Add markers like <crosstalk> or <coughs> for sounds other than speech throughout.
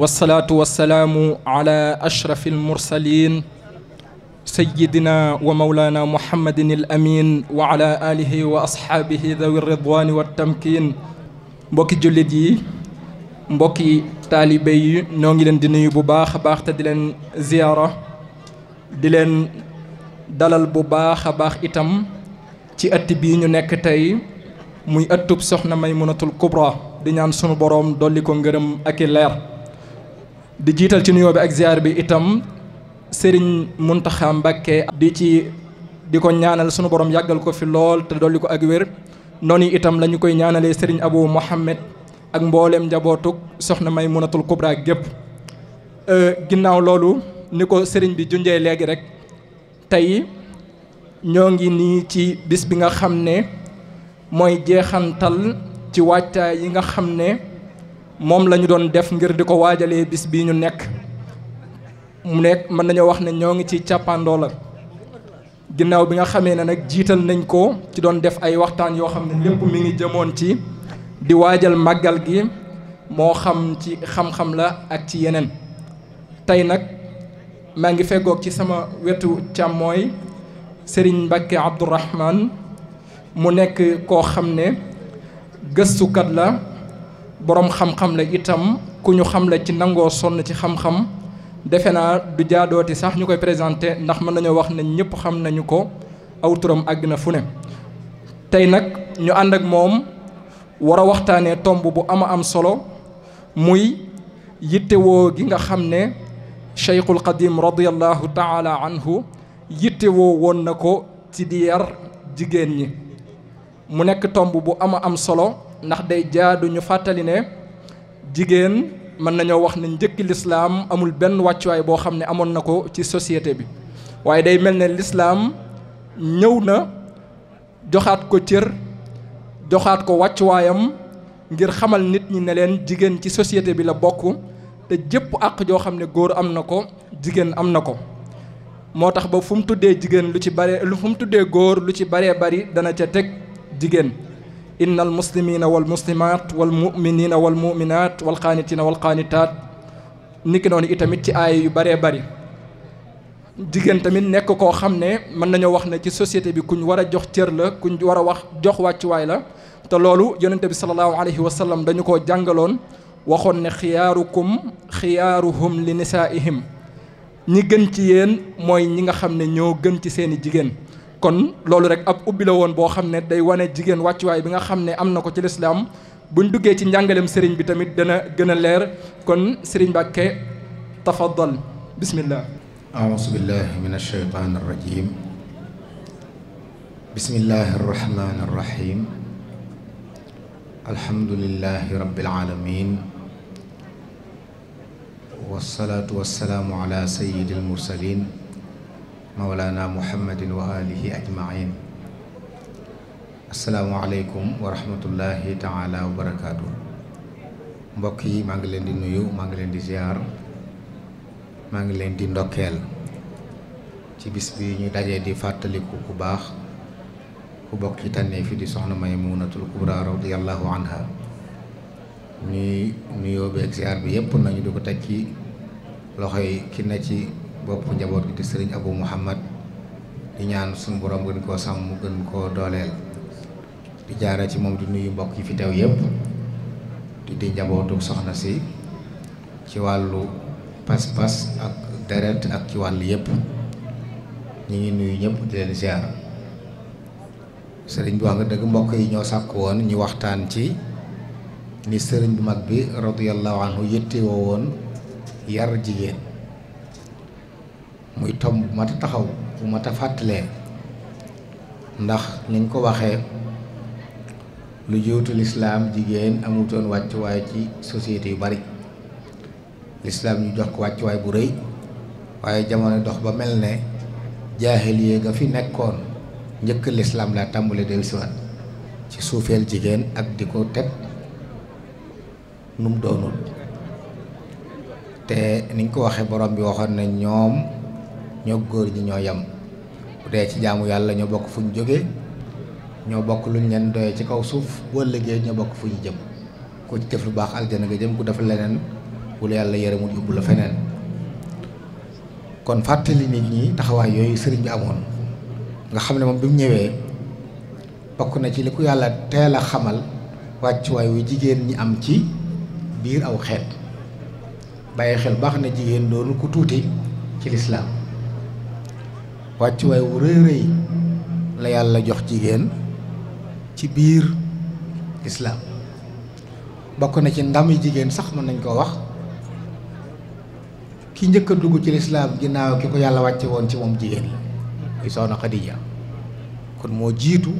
waa wasalaamu ala ashrafi almursalin sayidina wa maulana muhammadin al amin wa ala alihi wa asxaabihi dawi ridwani wa tamkin mbokki jullit yi mbokki taalibe yi ñoo ngi leen di nuyu bu baax a baax te di leen ziyaara di leen dalal bu baax a baax itam ci ëtt bii ñu nekk tey muy ëttub soxna Maymunatul Kubra di ñaan sunu boroom dolli ko ngërëm ak leer di jiital ci nuyoo bi ak ziar bi itam sëriñ Mountakha Mbacké di ci di ko ñaanal sunu borom yàggal ko fi lool te dolli ko ak wér noonu itam lañu koy ñaanalee Serigne Abou Mohamed ak mbooleem njabootug soxna may munatul kubra gépp euh, ginnaaw loolu ni ko sëriñ bi junjee léegi rek tey ñoo ngi nii ci bis bi nga xam ne mooy jeexantal ci waajtaay yi nga xam ne. moom la ñu doon def ngir di ko waajalee bis bii ñu nekk mu nekk mën nañoo wax ne ñoo ngi ci càppandoo la ginnaaw bi nga xamee ne nag jiital nañ ko ci doon def ay waxtaan yoo xam ne lépp mi ngi jëmoon ci di waajal màggal gi moo xam ci xam-xam la ak ci yeneen tey nag maa ngi feggoog ci sama wetu càmmooy Serigne Mbacke Abdourahman mu nekk koo xam ne gëstukat la boroom xam-xam la itam ku ñu xam la ci nangoo sonn ci xam-xam defe naa du jaadooti sax ñu koy présenté ndax mën nañoo wax ne ñëpp xam nañu ko aw turam àgg na fu ne tey nag ñu ànd ak moom wara a waxtaanee tomb bu ama am solo muy yittewoo gi nga xam ne cheikhul qadim radiallahu taala anhu yittewoo woon na ko ci di yar jigéen ñi mu nekk tomb bu ama am solo ndax day jaadu ñu fàttali ne jigéen mën nañoo wax nañ njëkki lislaam amul benn wàccuwaay boo xam ne amoon na ko ci société bi waaye day mel ne lislaam ñëw na joxaat ko cër joxaat ko wàccuwaayam ngir xamal nit ñi ne leen jigéen ci société bi la bokk te jëpp àq joo xam ne góor am na ko jigéen am na ko moo tax ba fu mu tuddee jigéen lu ci bare lu fu mu tuddee góor lu ci baree bari dana ca teg jigéen inna almuslimina walmuslimat walmuminina walmuminat walqaanitina walqaanitat niki noonu itamit ci aaya yu bëree bëri jigéen tamit nekk koo xam ne mën nañoo wax ne ci société bi kuñ war a jox cër la kuñ war a wax jox wàccuwaay la te loolu yonente bi salallahu alayhi wa sallam dañu koo jàngaloon waxoon ne xiyaarukum xiyaaruhum li nisaa'ihim ñi gën ci yéen mooy ñi nga xam ne ñoo gën ci seeni jigéen kon loolu rek ab ubbi la woon boo xam ne day wane jigéen wàccuwaay bi nga xam ne am na ko ci lislaam buñ duggee ci njàngaleem sëriñ bi tamit dana gën a leer kon sëriñ Mbàkke tafaddal bismillah aousu billah min alcheytan arrajim bismillahi arrahmani arrahim alhamdulilahi rabbil alamin wasalaatu wasalaamu ala sayyidil mursalin mawlana muhammadin wa alihi ajmain asalaamualeykum wa rahmatullahi taala wa barakaatu mbokk yi maa ngi leen di nuyu maa ngi leen di ziar maa ngi leen di ndokkeel ci bis bi ñu daje di fàttaliku ku baax ku bokk ci tànnee fi di soxna Maymunatul Kubra radiyallahu anha ñuy nuyoo beeg ziar bi yépp nañu di ko teg ci loxoy ki na ci bopp njaboot gi di sëriñ Abou Mouhamad di ñaan suñu borom gën koo sàmm gën koo dooleel di jaare ci moom di nuyu mbokk yi fi teew yëpp di di njabootu soxna si ci wàllu pas-pas ak deret ak ci wàll yëpp ñu ngi nuyu ñëpp di leen ziar sëriñ bi wax nga dëgg mbokk yi ñoo sàkk woon ñu waxtaan ci ni sëriñ bu mag bi radiyallahu anhu yëttewoo woon yar jigéen muy tomb bu taxaw bu mat a fàttalee ndax niñ ko waxee lu jiwtu lislaam jigéen amutoon wàccuwaay ci société yu bari lislaam yu jox ko wàccuwaay bu rëy waaye jamono dox ba mel ne jaahiliya a fi nekkoon njëkk lislaam laa tàmbali del siwaat ci suufeel jigéen ak di ko teg nu mu doonul te niñ ko waxee borom bi waxoon ne ñoom ñoo góor ñi ñoo yam bu dee ci jaamu yàlla ñoo bokk fu ñu jógee ñoo bokk luñ leen doyee ci kaw suuf boo liggéey ñoo bokk fu ñu jëm ku ci def lu baax aljana nga jëm ku def leneen wala yàlla yërëmul yóbbu la feneen kon fàttali nit ñi taxawaay yooyu sëriñ bi amoon nga xam ne moom bi mu ñëwee bokk na ci li ku yàlla teel a xamal wàccuwaay wu jigéen ñi am ci biir aw xeet bàyyi xel baax na jigéen doonu ku tuuti ci lislaam wàccuwaay wu rëy rëy la yàlla jox jigéen ci biir lislaam bokk na ci ndami jigéen sax mën nañ koo wax ki njëkk a dugg ci lislaam ginnaaw ki ko yàlla wàcce woon ci moom jigéen la muy soxna Xadija kon moo jiitu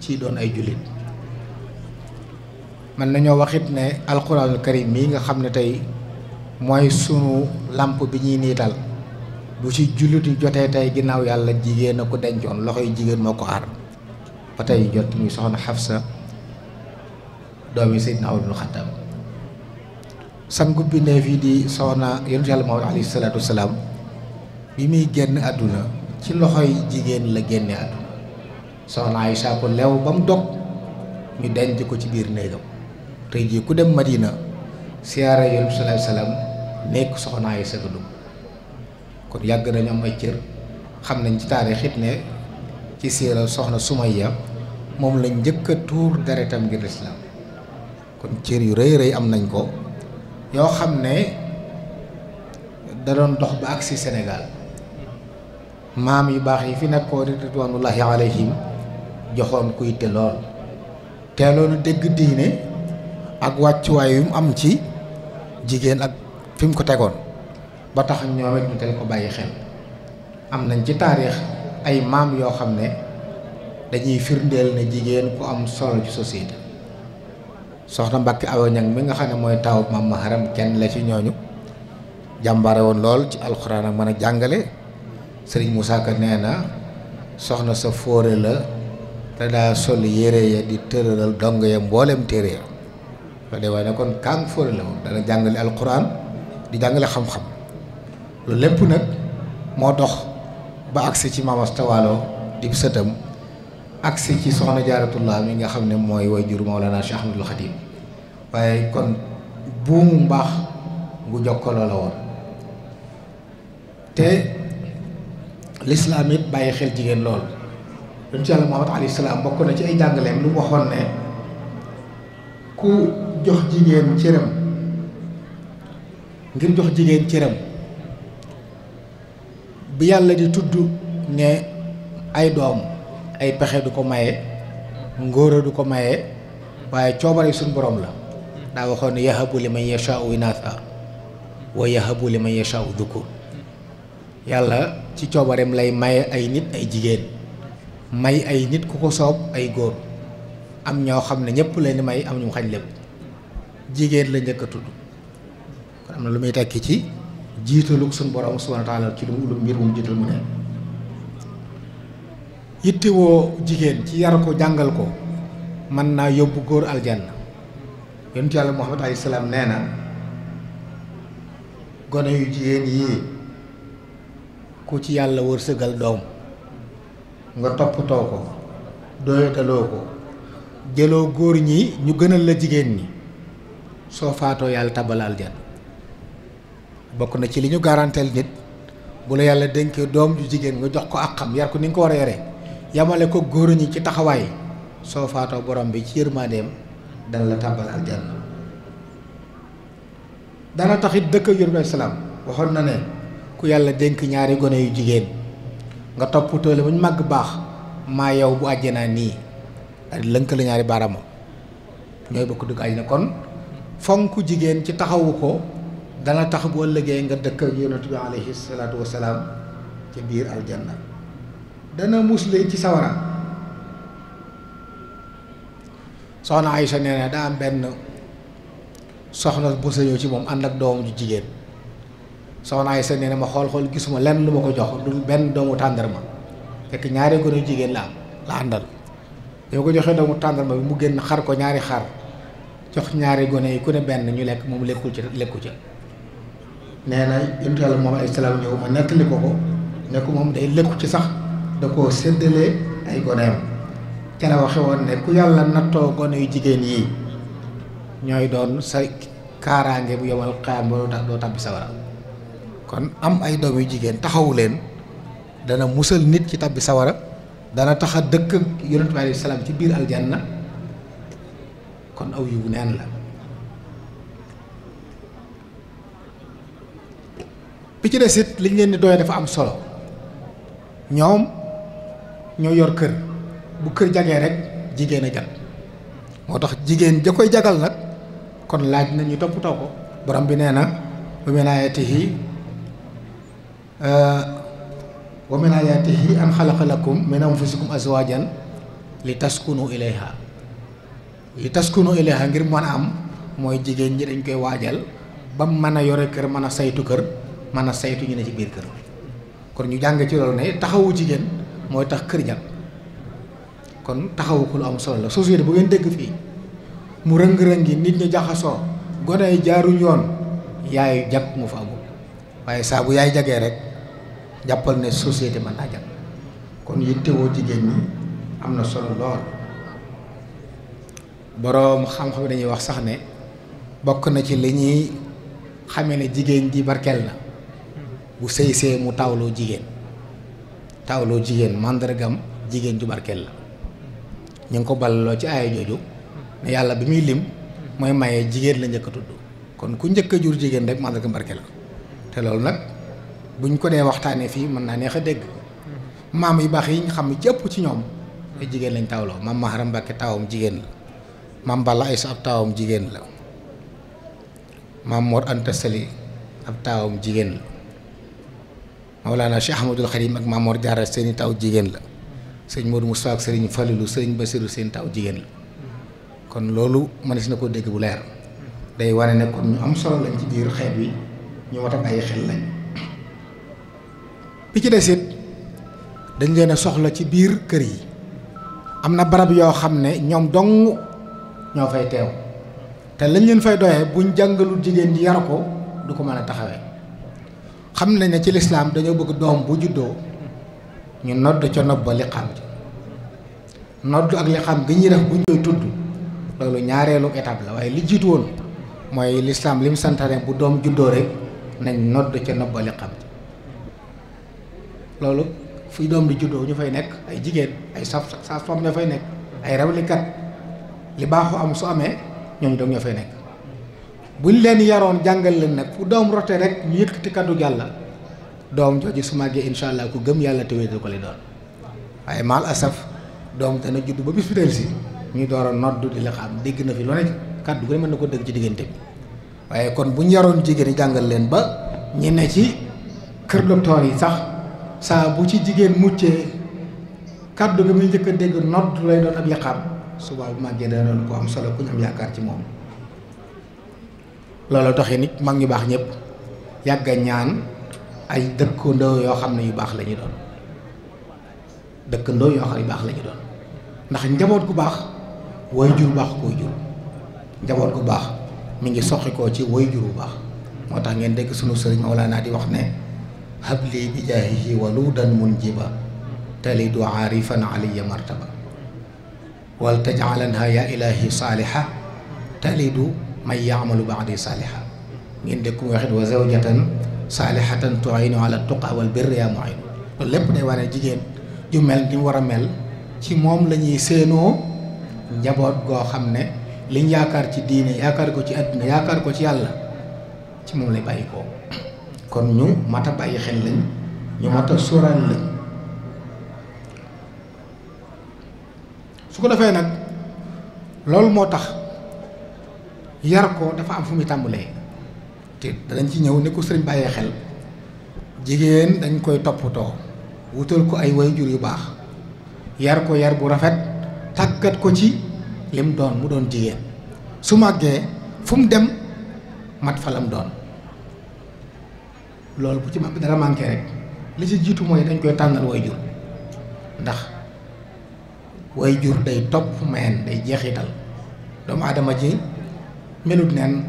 ci doon ay jullit mën nañoo waxit ne alxuraanul karim mii nga xam ne tey mooy sunu làmp bi ñuy niital bu ci julliti jotee tey ginnaaw yàlla jigéen a ko dencoon yi jigéen moo ko aar ba jot muy soxna xaf sa doom Umar ibn Xattaab sangu bindéef yi di soxna yonentu yàlla Muhammad alayhi salaatu wasalaam bi muy génn àdduna ci loxoy jigéen la génne àdduna soxna Aysa ko lew ba mu dog ñu denc ko ci biir néegam tey jii ku dem Madina siyaara yonentu salaam nekk soxna Aysa ko dugg kon yàgg nañu am ay cër xam nañ ci taarix it ne ci siira soxna suma Sumayya moom lañ njëkk a tuur deretam ngir lislaam kon cër yu rëy rëy am nañ ko yoo xam ne da doon dox ba agsi senegal maam yu baax yi fi nekkoon it ridwanullahi alayhim joxoon kuy yitte lool teeloon dégg diine ak wàccuwaay yum am ci jigéen ak fi ko tegoon ba tax ñoom it ñu teel ko bàyyi xel am nañ ci taarix ay maam yoo xam ne dañuy firndeel na jigéen ku am solo ci société soxna Mbàkke Awa Ñaŋ nga xam ne mooy taw maam Maharam kenn la ci ñooñu jàmbare woon lool ci alxuraan ak mën a jàngale sëriñ Moussa Ka nee na soxna sa fóore la te daa sol yére ya di tëralal dong ya mboolem téere ya loolu de waaye ne kon kàng fóore la moom dana jàngale alxuraan di jàngale xam-xam loolu lépp nag moo dox ba agsi ci Mame Asta Waalo di sëtam agsi ci soxna Jaaratullah mi nga xam ne mooy wajur Mawlana Cheikh Ahmadul Xadim waaye kon buumu mbaax gu jokkaloo la woon te lislaam it bàyyi xel jigéen lool yonent ci yàlla Muhammad alayhi salaam bokk na ci ay jàngaleem lu waxoon ne ku jox jigéen cëram ngir jox jigéen cëram bi yàlla di tudd ne ay doom ay pexe du ko maye ngóora du ko maye waaye coobare suñ boroom la daa waxoon ne yahabu liman yashaau inaatha wa yahabu liman yashaau dukur yàlla ci coobareem lay maye ay nit ay jigéen may ay nit ku ko soob ay góor am ñoo xam ne ñëpp leen di may am ñu xañ lépp jigéen la njëkk a tudd kon am na lu muy tekki ci jiitalu ko suñu borom subhaana ci lu lu mbir mu jiital mu ne yittewoo jigéen ci yar ko jàngal ko mën naa yóbbu góor aljanna yonent yàlla muhammad alayhi salaam nee na gone yu jigéen yii ku ci yàlla wërsëgal doom nga toppatoo ko doyataloo ko jëloo góor ñi ñu gënal la jigéen ñi soo faatoo yàlla tabal aljanna bokk na ci li ñu garanteel nit bu la yàlla dénkee doom ju jigéen nga jox ko ak xam yar ko ni nga ko war a yore yamale ko góor ñi ci taxawaay soo faatoo borom bi ci yërmandeem dana la tàbbal aljanna dana taxit dëkk ak yërmande salaam waxoon na ne ku yàlla dénk ñaari gone yu jigéen nga toppatoo li muñ màgg baax maa yow bu àjjanaa nii ak la ñaari baaraamam ñooy bokk dugg àjjana kon fonk jigéen ci taxawu ko dana tax boo liggéey nga dëkk ak yonent bi alayhi salaatu wasalaam ci biir aljanna dana musle ci sawara soxna ay nee na daa am benn soxna bu sa ñëw ci moom ànd ak doomam jigéen soxna ay nee na ma xool xool gisuma lenn lu ma ko jox du benn doomu tàndarma fekk ñaari gone jigéen la am la àndal yow ko joxee doomu tàndarma bi mu génn xar ko ñaari xar jox ñaari gone yi ku ne benn ñu lekk moom lekkul ci lekku ca nee na yonent moom ay salaam ñëw ma nettali ko ne moom day lëkku ci sax da koo séddalee ay goneem ca yàlla nattoo gone yu jigéen yi ñooy doon sa bu yomal xaam ba doo kon am ay doom yu jigéen taxawu leen dana musal nit ci tàbbi sawara dana tax dëkk yonent bi alayhi ci biir aljanna kon aw yiwu neen la bi ci des it liñ leen di doy dafa am solo ñoom ñoo yor kër bu kër jagee rek jigéen a jag moo tax jigéen ja koy jagal nag kon laaj na ñu toppatoo ko borom bi nee na wa minaayatihi euh, wa minaayatihi an xalaqa lakum min anfusikum azwajan li taskunu ilayha li tas taskunu ilayha ngir mën a am mooy jigéen ñi dañ koy waajal ba mu mën a yore kër mën a saytu kër mën a saytu ñu ne ci biir kër kon ñu jàng ci loolu ne taxawu jigéen mooy tax kër jag kon taxawu ko lu am solo la société bu ngeen dégg fii mu rëng-rëngi nit ñi jaxasoo gone yi jaaruñ yoon yaay jag mu fa amul waaye saa yaay jagee rek jàppal ne société man naa jag kon yittewoo jigéen ñi am na solo lool boroom xam-xam dañuy wax sax ne bokk na ci li ñuy xamee ne jigéen ji barkeel na bu sëy see mu taawloo jigéen taawloo jigéen màndargam jigéen ju barkeel la ñu ngi ko ballaloo ci aaya jooju ne yàlla bi muy lim mooy maye jigéen la njëkk a tudd kon ku njëkk jur jigéen rek màndargam barkeel la te loolu nag buñ ko dee waxtaanee fii mën naa neex a dégg maam yu baax yi ñu xam ne ci ci ñoom te jigéen lañ taawloo maam Maharam Mbàkke taawam jigéen la maam Balla Aysa ab jigéen la maam Mor Anta Sali ab taawam jigéen la Mawlana Cheikh Ahmadul Xadim ak Mamoor Jaara seeni taw jigéen la sëñ Modou Moustapha ak sëriñ Falilou sëriñ Basiru seen taw jigéen la kon loolu mën si na koo dégg bu leer day wane ne kon ñu am solo lañ ci biir xeet wi ñu mat a bàyyi xel lañ bi ci des dañ leen a soxla ci biir kër yi am na barab yoo xam ne ñoom dong ñoo fay teew te lañ leen fay doyee buñ jàngalul jigéen ji yar ko du ko mën a taxawee xam nañ ne ci lislaam dañoo bëgg doom bu juddoo ñu nodd ca nopp ba li ji nodd ak li xam gi ñuy def bu ñu koy tudd loolu ñaareelu étape la waaye li jiitu woon mooy lislaam lim santaane bu doom juddoo rek nañ nodd ca nopp ba ji loolu fi doom di juddoo ñu fay nekk ay jigéen ay saf saf ñoo fay nekk ay rawlikat li baaxu am su amee ñoo ñooñu doom ñoo fay nekk buñ leen yaroon jàngal leen nag fu doom rote rek ñu yëkkati kaddu yàlla doom jooju su màggee incha allah ku gëm yàlla te wéetal ko li doon waaye maal asaf doom dana judd ba bis bi del si ñuy door a di la dégg na fi lu nekk kaddu gu ne mën na ci diggante waaye kon buñ yaroon jigéen yi jàngal leen ba ñi ne ci kër docteur yi sax saa bu ci jigéen muccee kaddu gi muy njëkk a dégg nodd lay doon ak liqaam subaa bu màggee dana doon ko am solo ku ñu am yaakaar ci moom loolu taxee nit mag ñu baax ñëpp yàgg ñaan ay dëkkandoo yoo xam ne yu baax la ñu doon dëkkandoo yoo xam ne yu baax lañu ñu doon ndax njaboot gu baax way jur baax koy jur njaboot gu baax mu ngi soqi koo ci way jur bu baax moo tax ngeen dégg sunu sëriñ Mawlana di wax ne habli bi jaahihi waludan munjiba talidu aarifan aliya martaba wal tajalanha ya ilahi saaliha talidu may yaamalu baadi saaliha ngeen dëkk mu waxit wa zawjatan saalihatan tu'inu ala tuqa wal birri yaa mu'inu lépp day wane jigéen ju mel ni war a mel ci moom lañuy séenoo njaboot goo xam ne liñ yaakaar ci diine yaakaar ko ci àdduna yaakaar ko ci yàlla ci moom lay bàyyi ko kon ñu mat a bàyyi xel lañ ñu mat a lañ su ko defee nag loolu moo tax yar ko dafa am fu muy tàmbalee te danañ ci ñëw ni ko sëriñ bàyyee xel jigéen dañ koy toppatoo wutal ko ay way jur yu baax yar ko yar bu rafet tàggat ko ci lim doon mu doon jigéen su màggee fu mu dem mat falam lam doon loolu bu ci mag dara manqué rek li ci jiitu mooy dañ koy tànnal waajur ndax waajur day topp mayen day jeexital doomu aadama ji melut neen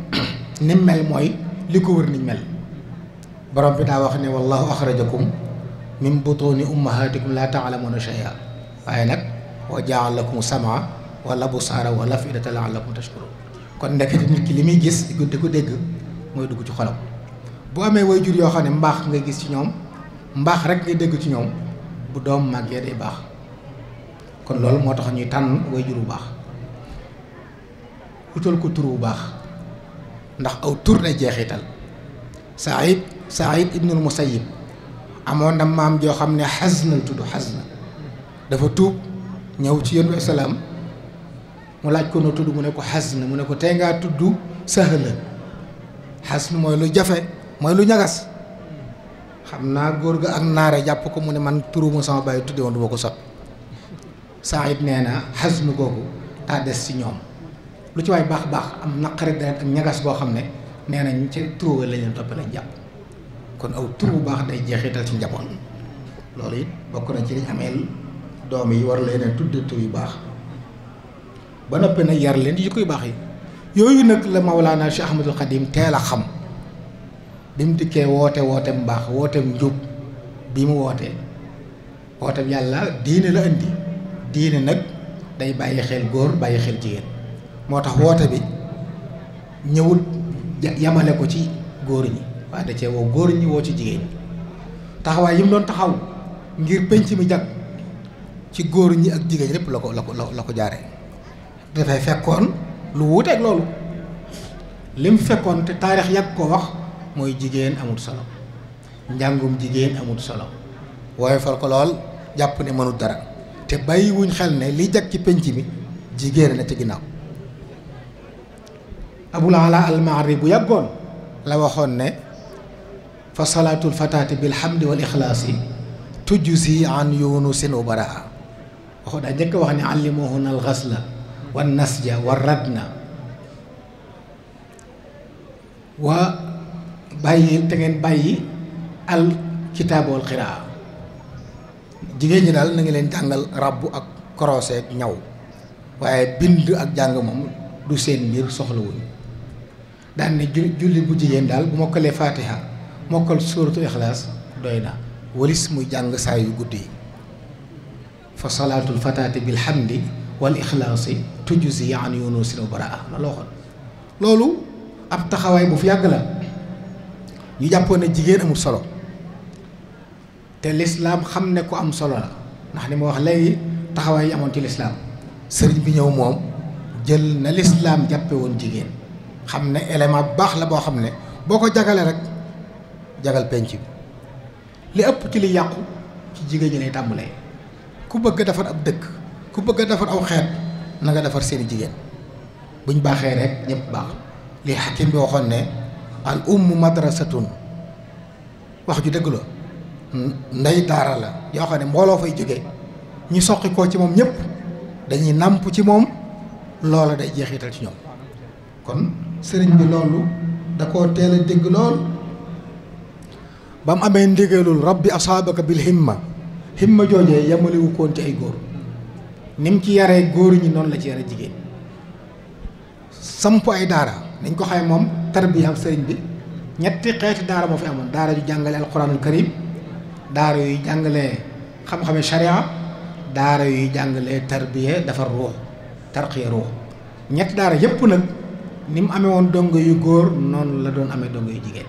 ni mel mooy li ko wër ni mel borom bi daa wax ne wallahu axrajakum min butuuni ummahatikum laa taalamuuna shay'a waaye nag wa jaal lakum samaa wala busaara wala afidata laalakum tashkurun kon ndekete nit ki li muy gis di ko dégg mooy dugg ci xolam boo amee way jur yoo xam ne mbaax nga gis ci ñoom mbaax rek ngay dégg ci ñoom bu doom màggee day baax kon loolu moo tax ñuy tànn way jur bu baax utal ko tur bu baax ndax aw tur ne jeexital Saïd Saïd ibnul Musayyib amoon na maam joo xam ne Hazna la tudd Hazna dafa tuub ñëw ci yéen salaam mu laaj ko noo tudd mu ne ko Hazna mu ne ko tey ngaa tudd Sahla Hazna mooy lu jafe mooy lu ñagas xam naa góor gi ak naare jàpp ko mu ne man turu mu sama bàyyi tudde woon du ko sot Saïd nee na Hazna googu daa ci ñoom. lu ci waaye baax baax am naqari deret ak ñagas boo xam ne nee nañ ci tur lañ leen topp lañ jàpp kon aw tur bu baax day jeexital ci njaboot loolu it bokk na ci liñ amee doom yi war leen a tudde tur yu baax ba noppi nag yar leen yi koy baax yi yooyu nag la Mawlaana Cheikh Ahmadul Xadim teel a xam bi mu dikkee woote woote mu baax woote mu njub bi mu wootee woote yàlla diine la indi diine nag day bàyyi xel góor bàyyi xel jigéen moo tax woote bi ñëwul yamale ko ci góor ñi waaye da cee woo góor ñi woo ci jigéen taxawaay yi mu doon taxaw ngir penc mi jag ci góor ñi ak jigéen lépp la ko la ko la ko jaaree dafay fekkoon lu wuuteeg loolu lim fekkoon te taarix yàgg ko wax mooy jigéen amut solo njàngum jigéen amut solo wooye fal ko lool jàpp ne mënut dara te bàyyiwuñ xel ne li jag ci penc mi jigéen na ci ginnaaw abul ala almaari bu yàggoon la waxoon ne fa salaatul fataati bilhamdi wal ixlaasi tujzi an yunusin wa baraa waxoon daa njëkk wax ne allimuhunna alxasla wa nasja wa radna wa bàyyi te ngeen bàyyi al kitaabu wal qiraa jigéen ñi daal na leen jàngal rabbu ak korose ñaw waaye bind ak jàng moom du seen mbir soxlawuñ daan ne julli bu jigéen daal bu mokkalee fatiha mokkal suuratu ixlaas doy na walis muy jàng saa yu guddi yi fa salaatul fataati bil hamdi wal ixlaasi tujzi an yunusin baraa la loo xoon loolu ab taxawaay bu fi yàgg la ñu jàppoon ne jigéen amul solo te lislaam xam ne ko am solo la ndax ni ma wax léegi taxawaay yi amoon ci lislaam sëriñ bi ñëw moom jël na lislaam jàppe woon jigéen xam ne élément bu baax la boo xam ne boo ko jagalee rek jagal penc bi li ëpp ci li yàqu ci jigéen ñi lay tàmbalee ku bëgg a defar ab dëkk ku bëgg a defar aw xeet na defar seeni jigéen buñ baaxee rek ñëpp baax li xakim bi waxoon ne al ummu madrasatun wax ju dëgg la ndey daara la yoo xam ne mbooloo fay jóge ñu soqi koo ci moom ñëpp dañuy nàmp ci moom loola day jeexital ci ñoom sëriñ bi loolu da ko teel a dégg lool ba mu amee ndigalul rabbi asaabaka bil himma himma joojee yamalewu koon ci ay góor ni mu ci yare góor ñi noonu la ci yare jigéen samp ay daara nañ ko xay moom tarbiya am sëriñ bi ñetti xeeti daara moo fi amoon daara ju jàngale alquranul karim daara yuy jàngale xam-xame sharia daara yuy jàngale tarbiya dafa ruux tarqiya ruux ñetti daara yépp nag ni mu amee woon dongo yu góor noonu la doon amee dongo yu jigéen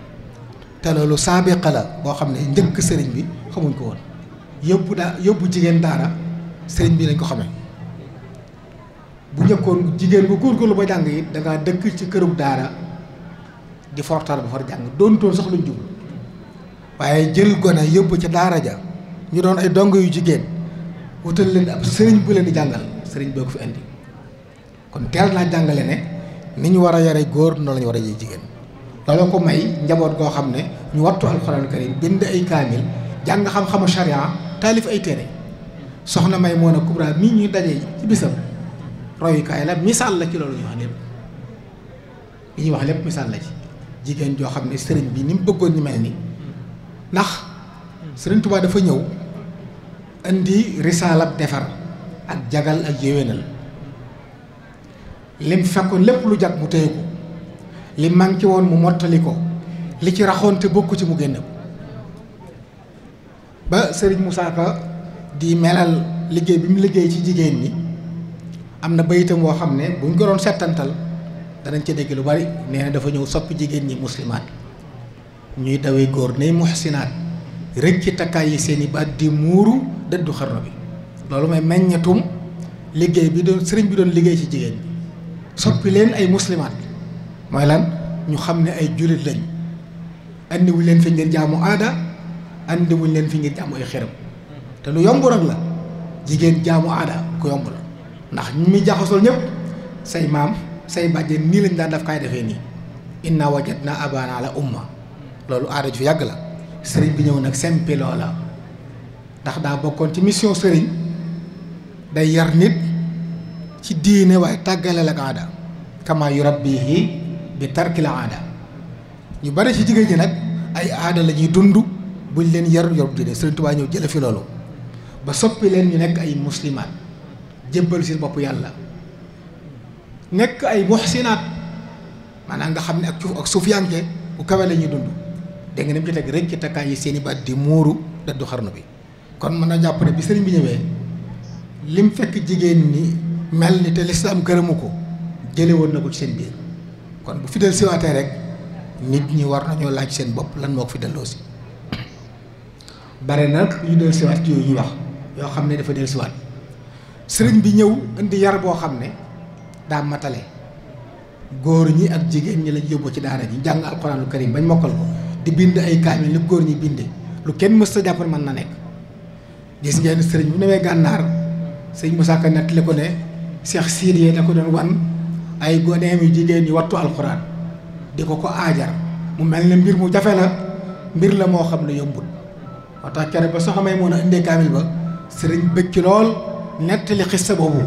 te loolu saabiqa la boo xam ne njëkk sëriñ bi xamuñ ko woon yóbbu daa yóbbu jigéen daara sëriñ bi lañ ko xamee bu njëkkoon jigéen bu góorgóorlu ba jàng yi da ngaa ci kërub daara di fortal ba far jàng doontoon sax luñ jublu waaye jël gone yóbbu ca daara ja ñu doon ay dongo yu jigéen wutal leen ab sëriñ bu leen di jàngal sëriñ boo ko fi indi kon teel naa jàngale ne. ni ñu war a yare góor noonu la ñu war a yee jigéen loolu ko may njaboot goo xam ne ñu wattu alxuraan karim bind ay kaamil jàng xam-xamu sharia taalif ay téere soxna may moo na kubra mi ñuy daje ci bisam royukaay la misaal la ci loolu ñu wax lépp li ñuy wax lépp misaal la ci jigéen joo xam ne sëriñ bi ni mu bëggoon ñu mel ni ndax sëriñ Tuubaa dafa ñëw indi risaalab defar ak jagal ak yéwénal lim fekkoon lépp lu jag mu téye ko li manqué woon mu mottali ko li ci raxoon te bokku ci mu génne ko ba sëriñ Moussa Ka di melal liggéey bi mu liggéey ci jigéen ñi am na bayitam woo xam ne buñ ko doon settantal danañ ci dégg lu bari nee na dafa ñëw soppi jigéen ñi muslimaat ñuy dawee góor nay muhsinaat rek ci takkaay yi seen i baat di muuru dëddu xarno bi loolu mooy meññatum liggéey bi doon sëriñ bi doon liggéey ci jigéen ñi soppi leen ay muslimaat mooy lan ñu xam ne ay jullit lañ andiwuñ leen fi ngeen jaamu aada andiwuñ leen fi ngeen jaamu ay xërëm te lu yomb rek la jigéen jaamu aada ku yomb la ndax ñu muy jaxasool ñëpp say maam say bàjjen nii lañ daan daf kaay defee nii inna wajadna abana la umma loolu aada ju yàgg la sëriñ bi ñëw nag sempi loola ndax daa bokkoon ci mission sëriñ day yar nit ci diine waaye tàggale la ak aada kama yurabbihi bi tarki la aada ñu bari ci jigéen ñi nag ay aada la ñuy dund buñ leen yar yor diine Sëriñ Tuubaa ñëw jële fi loolu ba soppi leen ñu nekk ay muslimaat jébbal seen bopp yàlla nekk ay muhsinaat maanaam nga xam ne ak ak suufiyanke bu kawe la ñuy dund dégg nga mu ci teg rek ci takkaay yi seen i baat di muuru daddu xarnu bi kon mën na jàpp bi sëriñ bi ñëwee lim fekk jigéen ñi. mel ni te lislaam gërëmu ko jële woon na ko ci seen biir kon bu fi del siwaatee rek nit ñi war nañoo laaj seen bopp lan moo ko fi delloo si bare na yu del siwaat yooyu ñuy wax yoo xam ne dafa del siwaat sëriñ bi ñëw indi yar boo xam ne daa matale góor ñi ak jigéen ñi lañ yóbbu ci daara ji jàng alxuraanul karim bañ mokkal ko di bind ay kaamil ni góor ñi binde lu kenn mës sa jàppal mën na nekk gis ngeen sëriñ bu newee gànnaar sëriñ Musaa Ka nettali ko ne Cheikh Sidiye da ko doon wan ay goneem yu jigéen ñi wattu alxuraan di ko ko aajar mu mel ne mbir mu jafe la mbir la moo xam ne yombul moo tax kere ba soxamee mën a indee kaamil ba sëriñ bëgg ci lool nettali xissa boobu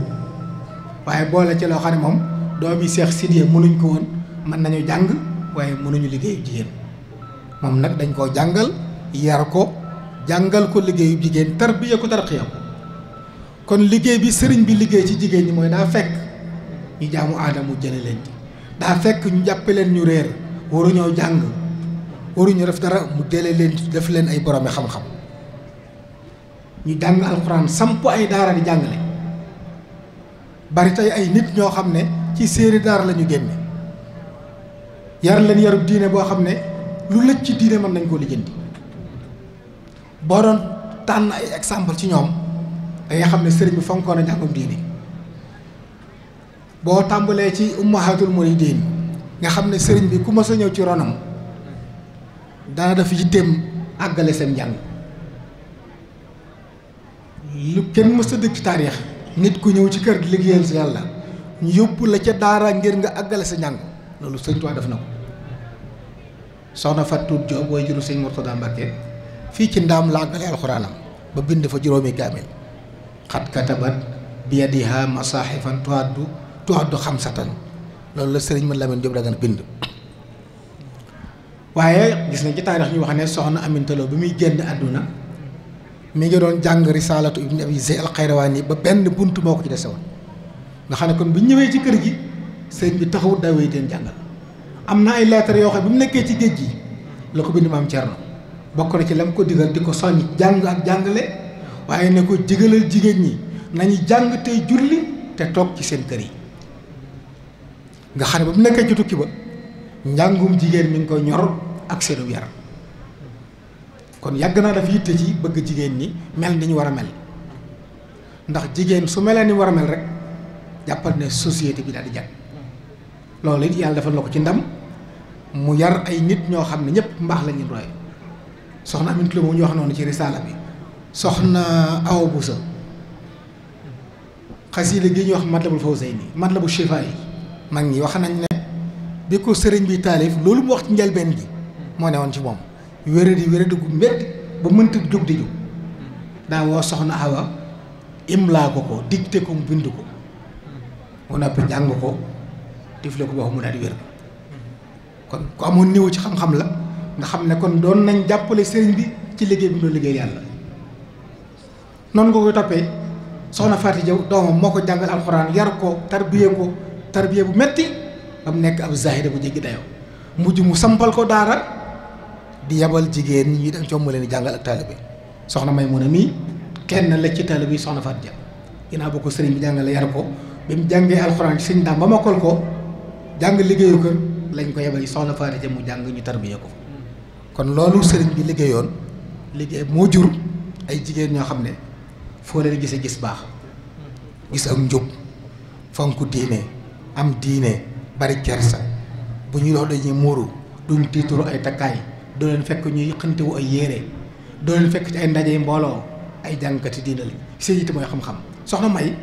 waaye boole ci loo xam ne moom doom doomi Cheikh Sidiye mënuñ ko woon mën nañu jàng waaye mënuñu liggéeyu jigéen moom nag dañ koo jàngal yar ko jàngal ko liggéeyu jigéen tarbiya ko tarxiya ko kon liggéey bi sëriñ bi liggéey ci jigéen ñi mooy daa fekk ñu jaamu mu jële leen ci daa fekk ñu jàppe leen ñu réer waruñoo jàng waruñu def dara mu jële leen ci def leen ay boromi xam-xam ñu jàng alxuraan samp ay daara di jàngale bari tey ay nit ñoo xam ne ci séeri daara la ñu génne yar leen yarub diine boo xam ne lu lëj ci diine mën nañ koo lijjanti boo doon tànn ay exemple ci ñoom da nga xam ne sëriñ bi fonkoon na njàngum diini boo tàmbalee ci ummahatul muridin nga xam ne sëriñ bi ku mës a ñëw ci ronam dana def yitteem àggale seen njàng lu kenn mës sa dëkk ci nit ku ñëw ci kër gi liggéeyal si yàlla ñu yóbbu la ca daara ngir nga àggale sa njàng loolu sëñ Tuubaa def na ko soxna Fatou Diop booy juru sëñ Mourtada Mbacke fii ci ndaam la àggale alxuraanam ba bind fa juróomi kaamil xat katabat bi yadiha masaxifan tuaddu tuaddu xamsatan loolu la sëriñ ma Lamine Diop Dagana bind waaye gis nañ ci taarix ñu wax ne soxna amintaloo bi muy génn àdduna mi ngi doon jàng risalatu ibn yi ba benn bunt moo ko ci dese woon nga xam ne kon bu ñëwee ci kër gi sëriñ bi taxawut daa wéy teen jàngal am na ay lettre yoo xam ne bi mu nekkee ci géej gi la ko bind maam Cerno bokk na ci la mu ko digal di ko soññ jàng ak jàngale waaye ne ko digalal jigéen ñi nañu jàng tey julli te toog ci seen kër yi nga xam ne ba mu nekkee ci tukki ba njàngum jigéen mi ngi ko ñor ak seenu yaram kon yàgg naa dafa yitte ci bëgg jigéen ñi mel ni ñu war a mel ndax jigéen su melee ni war a mel rek jàppal ne société bi daal di jag loolu it yàlla defal na ko ci ndam mu yar ay nit ñoo xam ne ñëpp mbaax la ñu roy soxna Aminata Lo ñu wax noonu ci risaala bi. soxna Awa Boussa xasida gi ñuy wax Matlabul Fawzayni Matlabu Shifa yi mag ñi wax nañ ne bi ko sëriñ bi taalif loolu mu wax ci njalbeen ji moo ne woon ci moom wéradi wéradi gu métti ba mënta jóg di jóg daa woo soxna Awa imlaa ko ko dicté ko mu bind ko mu noppi jàng ko tifle ko ba mu daal di wér kon ku amoon néew ci xam-xam la nga xam ne kon doon nañ jàppale sëriñ bi ci liggéey bi mu doon liggéey yàlla noonu nga koy toppee soxna Faati Jaw doomam moo ko jàngal alxuraan yar ko tarbiye ko tarbiye bu metti ba mu nekk ab zaahida bu jéggi dayoo mujj mu sampal ko daara di yebal jigéen ñi dem coom mu jàngal ak taalibe soxna Maymuna mii kenn la ci taalibe yi soxna Faati Jaw ginnaaw boo ko sëriñ bi jàngale yar ko bi mu alxuraan ci sëñ daam ba ko jàng liggéeyu kër lañ ko yabal soxna Faati Jaw mu jàng ñu tarbiye ko kon loolu sëriñ bi liggéeyoon liggéey moo jur ay jigéen ñoo xam ne foo leen gise gis baax gis ak njub fonk diine am diine bari sax bu ñuy dox dañuy muuru duñ tiitaru ay takkaay doo leen fekk ñuy xantewu ay yére doo leen fekk ci ay ndaje mbooloo ay jàngkati diine la seen yitte mooy xam-xam soxna May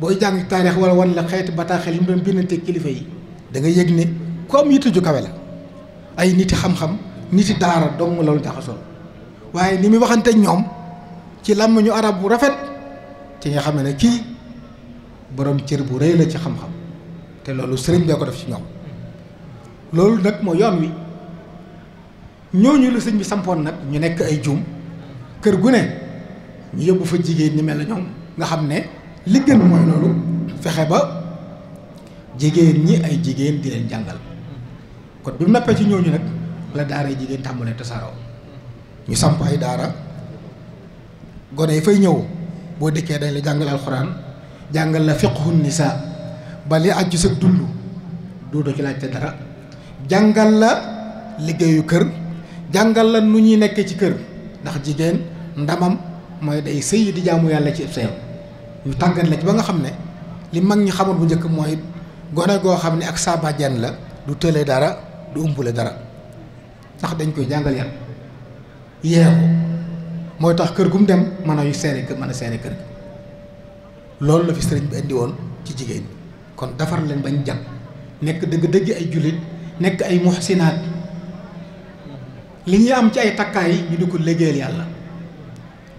booy jàng taarix wala wan la xeeti bataaxel yi mu doon kilifa yi da nga yëg ni ku am ju kawe la ay niti xam-xam niti daara dong loolu tax a sol waaye ni muy waxante ñoom. ci làmm ñu arab bu rafet ci nga xam ne kii boroom cër bu rëy la ci xam-xam te loolu sëriñ bee ko def ci ñoom loolu nag moo yoon wi ñooñu la sëñ bi sampoon nag ñu nekk ay juum kër gu ne ñu yóbbu fa jigéen ñi mel na ñoom nga xam ne li gën mooy loolu fexe ba jigéen ñi ay jigéen di leen jàngal kon bi mu nappee ci ñooñu nag la daara jigéen tàmbalee tasaaroo ñu samp ay daara gone yi fay ñëw boo dëkkee dañ la jàngal alxuraan jàngal la fiqhu nisaa ba li aju sa dund dootu ci laajte dara jàngal la liggéeyu kër jàngal la nu ñuy nekkee ci kër ndax jigéen ndamam mooy day sëy di jàmmu yàlla ci seew ñu tàngat la ci ba nga xam ne li mag ñi xamoon bu njëkk mooy gone goo xam ne ak saabajeen la du tële dara du umbule dara ndax dañ koy jàngal yar yeewu mooy tax kër gu mu dem mën a seere kër mën a seere kër loolu la fi sëriñ bi indi woon ci jigéen kon defar leen bañ jàpp nekk dëgg-dëgg ay jullit nekk ay muhsinaat li ñuy am ci ay takkaay ñu di ko liggéeyal yàlla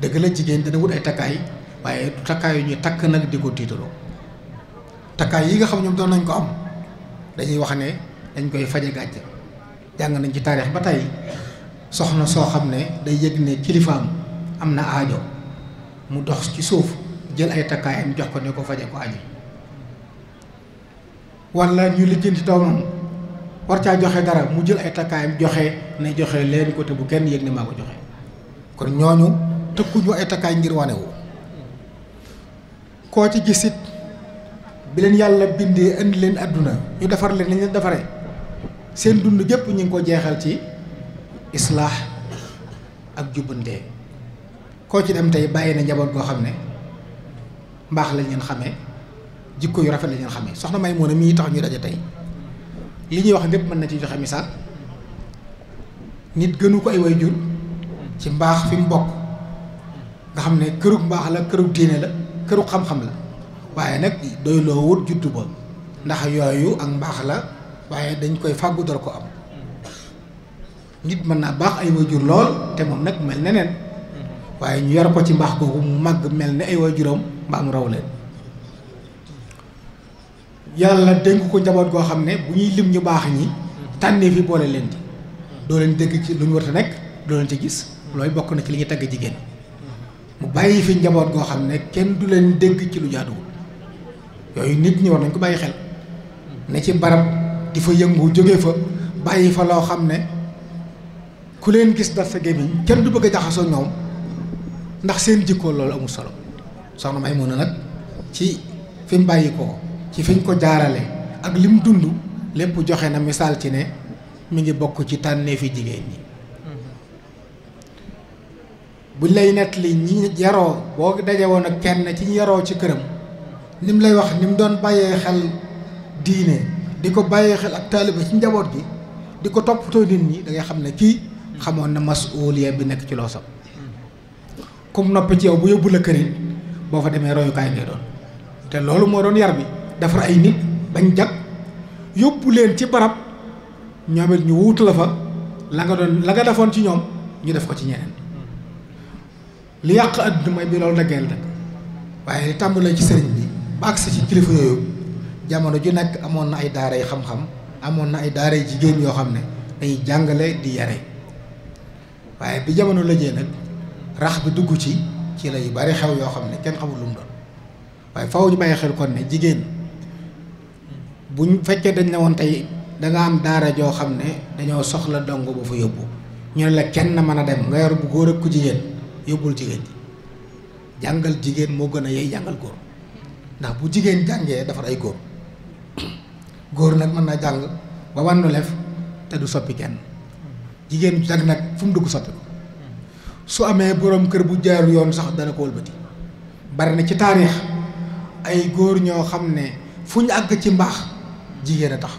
dëgg la jigéen dana wut ay takkaay waaye du takkaay yu ñuy takk nag di ko tiitaloo takkaay yi nga xam ñoom doon nañ ko am dañuy wax ne dañ koy faje gàcce jàng nañ ci taarix ba tey soxna soo xam ne day yëg ne kilifaam am na aajo mu dox ci suuf jël ay takkaayam jox ko ne ko faje ko aju wala ñu lijjanti doomam war caa joxe dara mu jël ay takkaayam joxe nay joxe leen ko te bu kenn yëg ne maa ko joxe kon ñooñu tëkkuñu ay takkaay ngir wane wu koo ci gisit bi leen yàlla bindee indi leen àdduna ñu defar leen nañ leen defaree seen dund gépp ñu ngi ko jeexal ci islaax ak jubbante koo ci dem tey bàyyi na njaboot goo xam ne mbaax lañ leen xame jikko yu rafet lañ leen xamee soxna may moon a mii tax ñu daje tey li ñuy wax lépp mën na ci joxe misaal nit gënu ko ay way jur ci mbaax fi mu bokk nga xam ne kërug mbaax la kërug diine la këru xam-xam la waaye nag doyloo wut juddu ba ndax yooyu ak mbaax la waaye dañ koy fàggu dal ko am nit mën naa baax ay way jur lool te moom nag mel neneen waaye ñu yar ko ci mbaax googu mu màgg mel ni ay waajuram mbaa mu raw leen yàlla dénk ko njaboot goo xam ne bu ñuy lim ñu baax ñi tànnee fi boole leen di doo leen dégg ci lu ñu war a ci gis looy bokk na ci li ñuy tagg jigéen mu bàyyi fi njaboot goo xam ne kenn du leen dégg ci lu jaaduwul yooyu nit ñi war nañ ko bàyyi xel ne ci barab di fa yëngu jóge fa bàyyi fa loo xam ne ku leen gis daf sa gémmiñ kenn du bëgg a jaxasoo ñoom ndax seen jikkoo loolu amul solo may Maymuna nag ci fi bàyyikoo ci fiñ ko jaarale ak lim dund lépp joxe na misaal ci ne mu ngi bokk ci tànneefi jigéen ñi buñ lay nettali ñi yaroo boo daje woon ak kenn ci ñi yaroo ci këram mu lay wax ni mu doon bàyyee xel diine di ko bàyyee xel ak taaliba ci njaboot bi di ko toppatoo nit ñi da ngay xam ne kii xamoon na mas masuuliya bi nekk ci loosam kum noppi ci yaw bu yóbbu la këriñ boo fa demee royukaay ngay doon te loolu moo doon yar bi defar ay nit bañ jag yóbbu leen ci barab ñoom ñu wuut la fa la nga doon la nga defoon ci ñoom ñu def ko ci ñeneen li yàq àdduna mooy bi loolu daggeel nag waaye li tàmbalee ci sëriñ bi ba agsi ci kilifa yooyu jamono ju nekk amoon na ay daara yu xam-xam amoon na ay daara jigéen yoo xam ne ay jàngale di yare waaye bi jamono lëjee nag rax bi dugg ci ci la yu bari xew yoo xam ne kenn xamul lu mu doon waaye faaw ñu bàyyi xel kon ne jigéen buñ fekkee dañ la woon tey danga am daara joo xam ne dañoo soxla dong bu fa yóbbu ñu ne la kenn mën a dem nga yor bu góor ak ku jigéen yóbbul jigéen ji jàngal jigéen moo gën a yey jàngal góor ndax bu jigéen jàngee defar ay góor <coughs> góor nag mën naa jàng ba wànnu lef te du soppi kenn jigéen ju jàng nag fu dugg soppi ko su amee boroom kër bu jaar yoon sax dana ko wëlbati bari na ci taarix ay góor ñoo xam ne fu ñu àgg ci mbaax jigéen a tax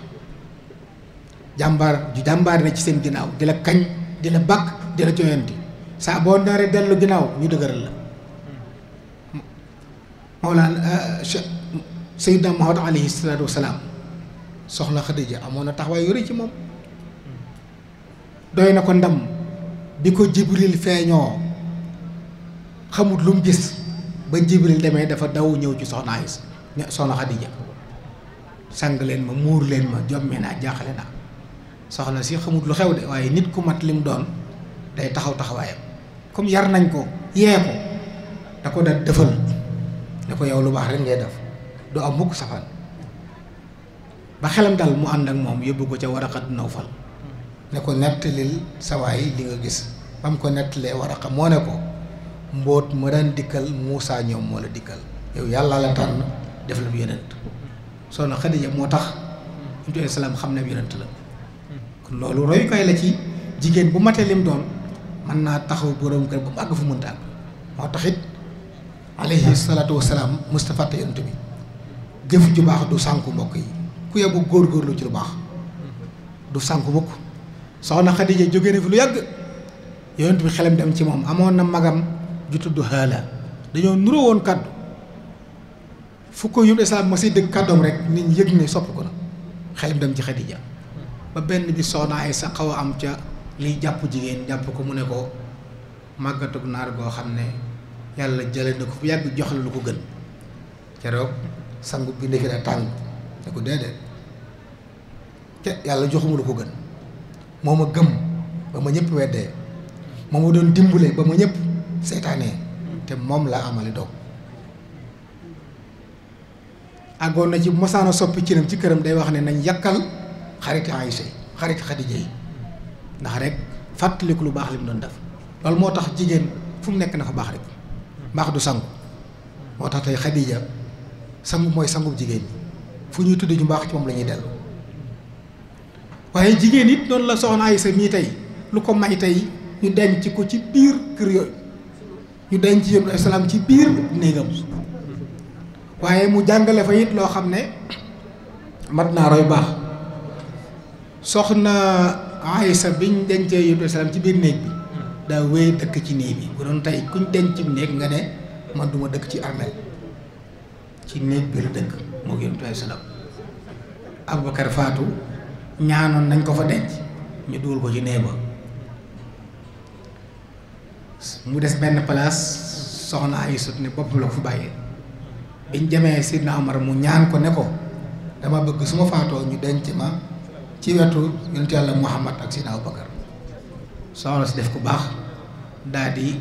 jàmbar ju jàmbaar na ci seen ginnaaw di la kañ di la bàkk di la joyanti saa boo naree dellu ginnaaw ñu dëgëral la mawlaan euh, sayyidna Muhammad alayhi salaatu wasalaam soxna Xadija amoon na taxawaay yore ci moom doy na ko ndam bi ko jibril feeñoo xamut lu mu gis ba jibril demee dafa daw ñëw ci soxna Aysa sang leen ma muur leen ma jomme naa jaaxle naa soxna si xamut lu xew de waaye nit ku mat lim doon day taxaw taxawaayam comme yar nañ ko yee ko da ko da defal da ko yow lu baax rek ngay def du am mukk safal ba xelam dal mu ànd ak moom yóbbu ko ca naw Nawfal ne ko nettalil sawaay li nga gis ba mu ko nettalee Waraqa moo ne ko mbóot mu daan dikkal Moussa ñoom moo la dikkal yow yàllaa la tànn def la bu yonent soxna Xadija moo tax ñu xam ne bu yonent la loolu royu koy la ci jigéen bu matee lim doon mën naa taxaw borom kër bu mu àgg fu mënta àgg moo tax it alayhi salaatu wasalaam Mustafa te yonent bi jëf ju baax du sànku mbokk yi ku góor góorgóorlu ci lu baax du sànku mukk soxna Xadija jóge na fi lu yàgg yonent bi xelam dem ci moom amoon na magam ju tudd xaala dañoo nuroo woon kàddu fukk yu islaam ma si dëgg kàddoom rek nit ñi yëg ne sopp ko na xelam dem ci Xadija ba benn bi soxna ay sa xaw am ca liy jàpp jigéen jàpp ko mu ne ko màggatug naar goo xam ne yàlla jële na ko bu yàgg jox la lu ko gën keroog sangu bi nekk na tàng ne ko déedéet te yàlla joxuma lu ko gën moo ma gëm ba ma ñëpp weddee moom ma doon dimbale ba ma ñëpp seetaanee te moom la amale doom àggoon na ci mosaana soppi cëram ci këram day wax ne nañ yàkkal xarit Aysa xarit Xadija ndax rek fàttaliku lu baax li mu doon def loolu moo tax jigéen fu mu nekk na fa baax rek baax du sangu moo tax tey Xadija sangu mooy sangub jigéen ñi fu ñuy tudd ñu baax ci lañuy la ñuy dellu waaye jigéen it noonu la soxna Aysa mii tey lu ko may tey ñu denc ko ci biir kër yooyu ñu denc yëpp alayhi salaam ci biir néegam waaye mu jàngale fa it loo xam ne mat naa roy baax soxna Aysa biñ dencee yëpp alayhi salaam ci biir néeg bi daa wéy dëkk ci néeg bi bu doon tey kuñ denc néeg nga ne man duma dëkk ci armeel ci néeg bi la dëkk moo yëpp alayhi salaam Abubakar faatu ñaanoon nañ ko fa denc ñu dugal ko ci néeg ba mu des benn place soxna Aysut ne bopp la ko fi bàyyi biñ demee Sidna Omar mu ñaan ko ne ko dama bëgg suma faatoo ñu denc ma ci wetu yonent yàlla Muhammad ak Sidna si def ko baax daal di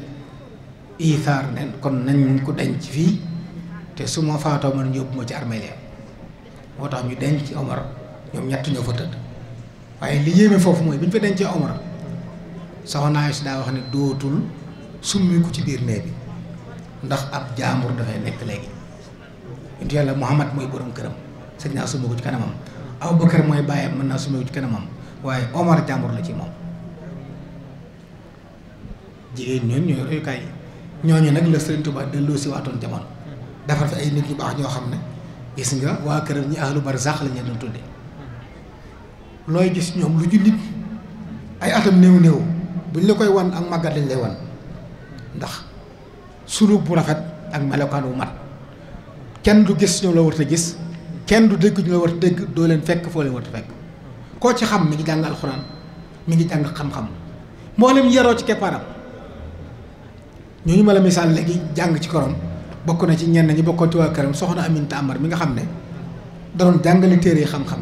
iithaar ne kon nañ ko denc fii te suma su ma faatoo man yóbbu ci armeel moo tax ñu denc Omar ñoom ñett ñoo fa tëdd waaye li yéeme foofu mooy bi ñu fa dencee Omar soxna Aysut daa wax ne dootul summi ci biir nee bi ndax ab jaamur dafay nekk léegi intu yàlla Muhammad mooy borom këram sëñ naa summi ko ci kanamam Abubakar mooy bàyyam mën naa summi ci kanamam waaye Omar jaamur la ci moom jigéen ñoon ñooñu nag la Sëriñ Tuubaa delloo si waatoon jamono defar fi ay nit ñu baax ñoo xam ne gis nga waa këram ñi ahlu barzaax la ñu doon tudde looy gis ñoom lu jullit ay atam néew néew buñ la koy wan ak màggat lañ lay wan ndax suluk bu rafet ak melokaan wu mat kenn du gis ñu la war gis kenn du dégg ñu la war a dégg doo leen fekk foo leen war fekk koo ci xam mi ngi jàng alxuraan mi ngi jàng xam-xam mboolem yaroo ci keppaaram ñooñu ma la misaal léegi jàng ci korom bokk na ci ñenn ñi bokkoo ci këram soxna Aminta Amar mi nga xam ne da doon jàngale téere xam-xam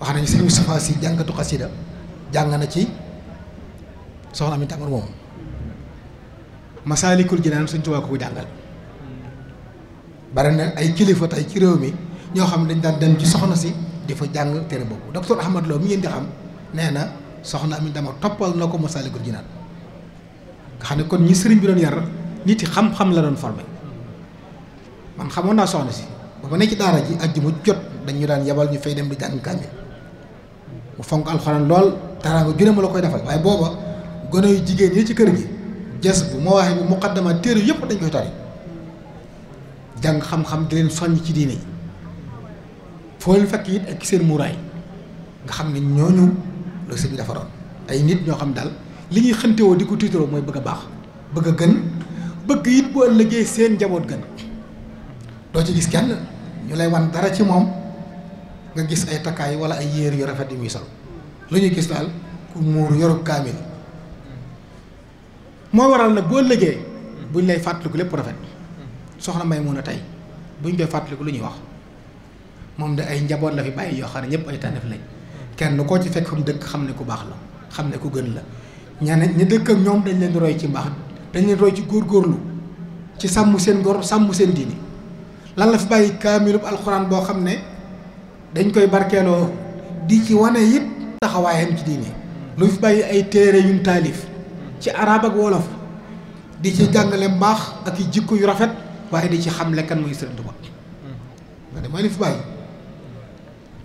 wax nañu sëñ Moustapha Sy jàngatu xasida jàng na ci soxna Aminta Amar moom Masaalikul Jinaan Sëñ Tuubaa ko ko jàngal bari na ay kilifa tey ci réew mi ñoo xam ne dañ daan dem ci soxna si di fa jàng tere boobu docteur Ahmad Lo mi ngeen di xam nee na soxna Ami dama toppal na ko Masaalikul Jinaan nga xam ne kon ñi sëriñ bi doon yar nit yi xam-xam la doon formé man xamoon naa soxna si ba ma ne ci daara ji àjjuma jot dañu daan yebal ñu fay dem di jàng kaamil mu fonk alxuraan lool dara nga junne ma la koy defal waaye booba gone yu jigéen ñi ci kër gi jas bu ma waxee bu muqaddama téere yëpp dañ koy tari jàng xam-xam di leen soññ ci diine yi foo leen fekk it ak seen muuraay nga xam ne ñooñu la sëñ defaroon ay nit ñoo xam daal li ñuy xëntewoo di ko tiitaroo mooy bëgg a baax bëgg a gën bëgg it bu ëllëgee seen njaboot gën doo ci gis kenn ñu lay wan dara ci moom nga gis ay takkaay wala ay yéer yu rafet yi muy sol lu ñu gis daal ku muur yorub kaamil moo waral nag boo ëllëgee buñ lay fàttaliku lépp rafet soxna may mun a tey buñ koy fàttaliku lu ñuy wax moom de ay njaboot la fi bàyyi yoo xam ne ñëpp ay tànneef kenn koo ci fekk fa xam ne ku baax la xam ne ku gën la ñeneen ñi dëkk ak ñoom dañ leen di roy ci mbaax dañ leen roy ci góorgóorlu ci sàmm seen ngor sàmm seen diini lan la fi bàyyi kaamilub alxuraan boo xam ne dañ koy barkeeloo di ci wane it taxawaayam ci diini lu fi bàyyi ay téere ñu taalif ci arab ak wolof di ci jàngale baax ak i jikko yu rafet waaye di ci xamle kan mooy Sëriñ Tuubaa mm-hmm. ma ne Maalif Baay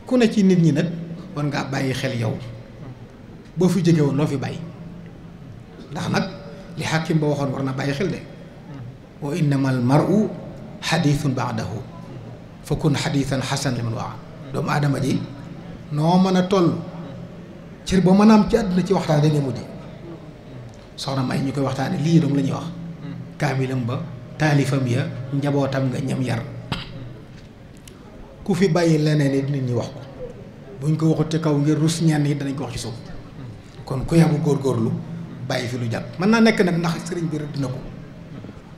ku ne ci nit ñi nag war ngaa bàyyi xel yow mm-hmm. boo fi jóge woon loo fi bàyyi ndax nag li xakim ba waxoon war na bàyyi xel de mm-hmm. wa innama al maru xadithun baadahu fa kun xadithan xasan li man waa doomu aadama ji noo mën a toll cër ba mën a am ci àdduna ci waxtaan dañuy mujj soxna May ñi koy waxtaane lii dong la ñuy wax mm-hmm. kaamilam ba taalifam ya njabootam nga ñam yar ku fi bàyyi leneen it nit ñi wax ko buñ ko waxut ci kaw ngir rus ñenn yi danañ ko wax ci suuf mm-hmm. kon ku góor góorgóorlu bàyyi fi lu jàpp mën naa nekk nag ndax sëriñ bi rëdd na ko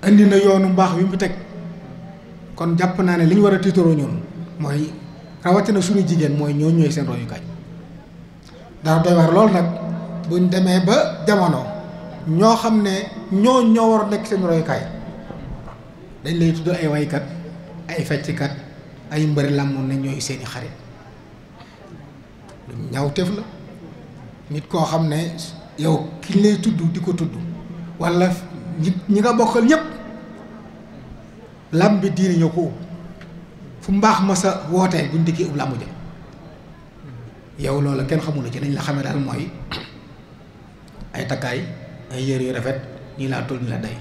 indi na yoonu mbaax wi mu teg kon jàpp naa ne liñ war a tiitaroo ñoom mooy rawatina suñu jigéen mooy ñoo ñooy seen royukaay dara dooy war lool nag buñ demee ba jamono ñoo xam ne ñoo ñoo war nekk seen royukaay dañ lay tudd ay waykat ay fecckat ay mbëri làmmoon na ñooy seeni xarit lu ñaawteef la nit koo xam ne yow ki lay tudd di ko tudd walla ñi ñi nga bokkal ñëpp làmb bi diine ñoo ko ub fu mbaax ma sa bu buñ dikkee ub làmbu ja yow loolu kenn xamul ci nañ la xamee daal mooy <clears throat> ay takkaay ay yére yu rafet nii laa toll nii la day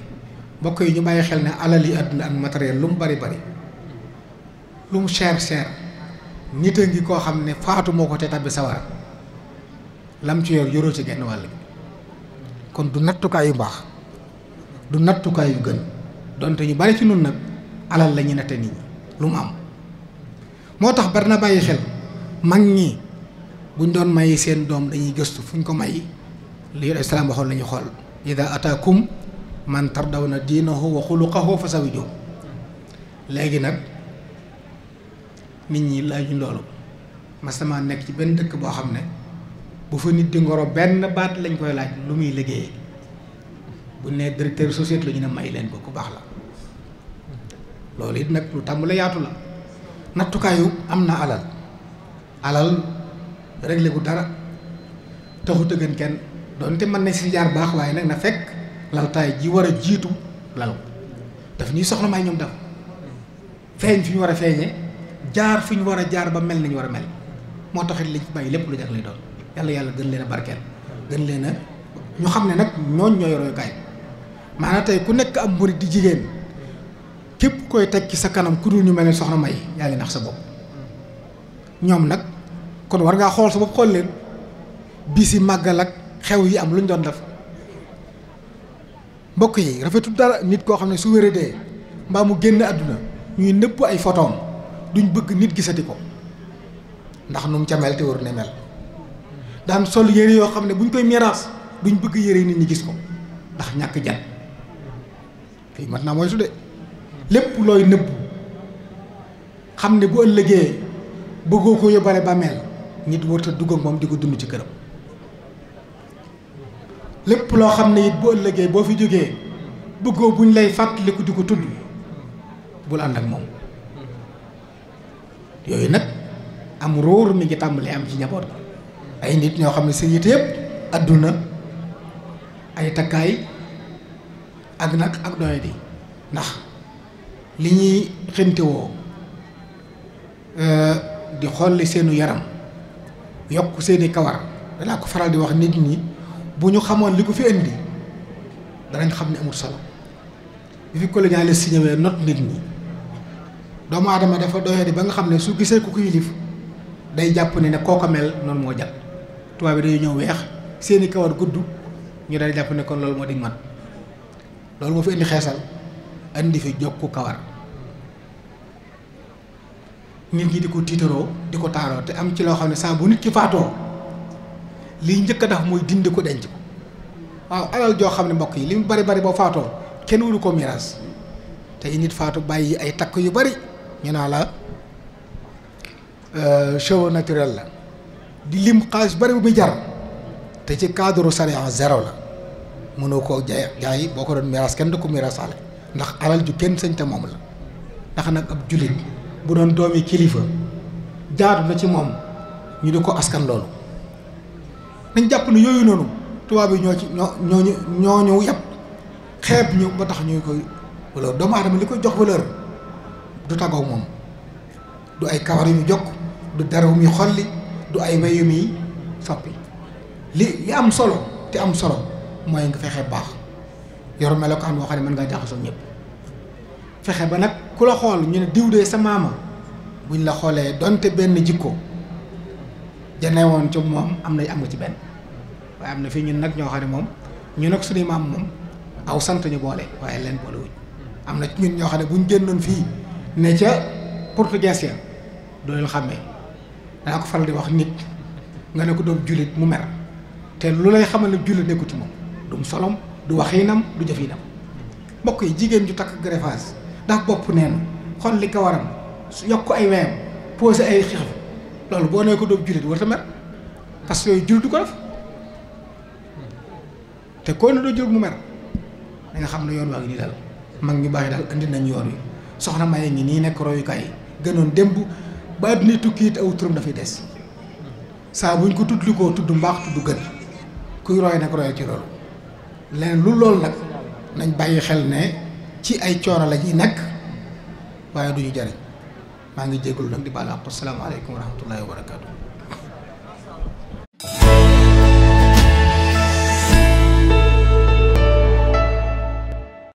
mbokk yi ñu bàyyi xel ne alal yi àdduna ak matériel lu mu bari bari lu mu cher cher nit a ngi koo xam ne faatu moo ko te tabbi sawara lam ci yor yoroo ci genn wàll kon du nattukaay yu baax du nattukaay yu gën donte ñu bari ci noonu nag alal la ñu natte nit ñi lu mu am moo tax bari na bàyyi xel mag ñi buñ doon may seen doom dañuy gëstu fuñ ko may li alayhi salaam waxoon xool ñu xool ida ataakum man tardawna diinahu wa xuluqahu fa sawijo léegi nag nit ñi laajuñ loolu mas sama nekk ci benn dëkk boo xam ne bu fa nit di ngoro benn baat lañ koy laaj lu muy liggéeyee bu ne directeur société lañu ne may leen ko ku baax la loolu it nag lu tàmbale yaatu la nattukaayu am na alal alal réglé gu dara taxut a gën kenn doonte mën nañ si jaar baax waaye nag na fekk laltaay ji war a jiitu lal daf ñuy soxla may ñoom daf feeñ fi ñu war a feeñee jaar fi ñu war a jaar ba mel nañu war a mel moo taxit liñ bàyyi lépp lu jag lay doon yàlla yàlla gën leen a barkeel gën leen a ñu xam ne nag ñooñ ñooy royukaay maanaam tey ku nekk am murit di jigéen képp koy teg ci sa kanam ku dul ñu mel ne soxna may yaa ngi nax sa bopp ñoom nag kon war ngaa xool sa bopp xool leen bi si xew yi am lu ñu doon def mbokk yi rafetul dara nit koo xam ne su wéradee mbaa mu génn àdduna ñuy nëpp ay photoom duñ bëgg nit gisati ko ndax nu mu ca mel te waru ne mel daan sol yére yoo xam ne buñ koy miraas duñ bëgg yére yi nit ñi gis ko ndax ñàkk jan fii mat naa moytu de lépp looy nëbb xam ne bu ëllëgee bëggoo ko yóbbale bàmmeel nit warta dugg ak moom di ko dund ci këram lépp loo xam ne it bu ëllëgee boo fi jógee bëggoo buñ lay fàttaliku di ko tudd bul ànd ak moom yooyu nag am róor mi ngi tàmbali am ci njaboot ko ay nit ñoo xam ne seen yite yëpp adduna ay takkaay ak nag ak doy di ndax li ñuy xintewoo euh, di xolli seenu yaram yokk seeni kawar danaa ko faral di wax nit ñi bu ñu xamoon li ko fi indi danañ xam ne amul solo bi fi colonialiste si ñëwee not nit ñi doomu adama dafa doyee di ba nga xam ne su gisee ku ko yilif day jàpp ne ne kooko mel noonu moo jàpp tubaab bi dañuy ñëw weex seeni kawar gudd ñu daal jàpp ne kon loolu moo di man loolu moo fi indi xeesal indi fi jokku kawar nit ñi di ko tiitaroo di ko taaroo te am ci loo xam ne saa bu nit ki faatoo liy njëkk a tax mooy dindi ko denc ko waaw alal joo xam ne mbokk yi li bari bari boo faatoo kenn waru ko miraas tey nit faatu bàyyi ay takk yu bari ñu naa la euh, cheveux naturel la di lim xaalis bari bu muy jar te ci cadre sariya zéro la mënoo koo jaay jaay boo ko doon miraas kenn du ko miraasaale ndax alal ju kenn sañ te moom la ndax nag ab jullit bu doon doomi kilifa jaadu na ci moom ñu di ko askan loolu dañ jàpp ne yooyu noonu tubaab yi ñoo ci ñoo ñoo ñu ñoo ñu yàpp xeeb ñu ba tax ñuy koy valeur doomu aadama li koy jox valeur du tàggoog moom du ay kawar yu mu jokk du dara xolli du ay wey yu muy soppi li li am solo te am solo mooy nga fexe baax yor melokaan boo xam ne mën ngaa jaxasoo ñëpp fexe ba nag ku la xool ñu ne diw de sa maama buñ la xoolee donte benn jikko. jane woon ci moom am na am nga ci benn waaye am na fii ñun nag ñoo xam ne moom ñu nag suñuy maam moom aw sant ñu boole waaye leen boole wuñ am na ñun ñoo xam ne buñ génnoon fii ne ca portugais ya doo leen xàmmee danaa ko faral di wax nit nga ne ko doom jullit mu mer te lu lay xamal ne jullit nekku ci moom dum solom du nam du jëfinam mbokk yi jigéen ju takk greffage ndax bopp neen xol li ko waram su yokk ay weyam posé ay xixif loolu boo nee ko doomu jullit war mer parce que yooyu du ko def te koo ne doo jullit mu mer da nga xam ne yoon waa ngi nii daal mag ñu baax daal indi nañ yoon wi soxna Maye ngi nii nekk royukaay yi gënoon démb ba àddina tukki it aw turam dafay des saa buñ ko tudd li koo tudd mbaax tudd gën kuy roy nag roy ci loolu leneen lu lool nag nañ bàyyi xel ne ci ay coora la ñuy nekk waaye du ñu jariñ maa ngi jégalu nag di baal àq asalaamaaleykum wa rahmatullahi wa barakaatu.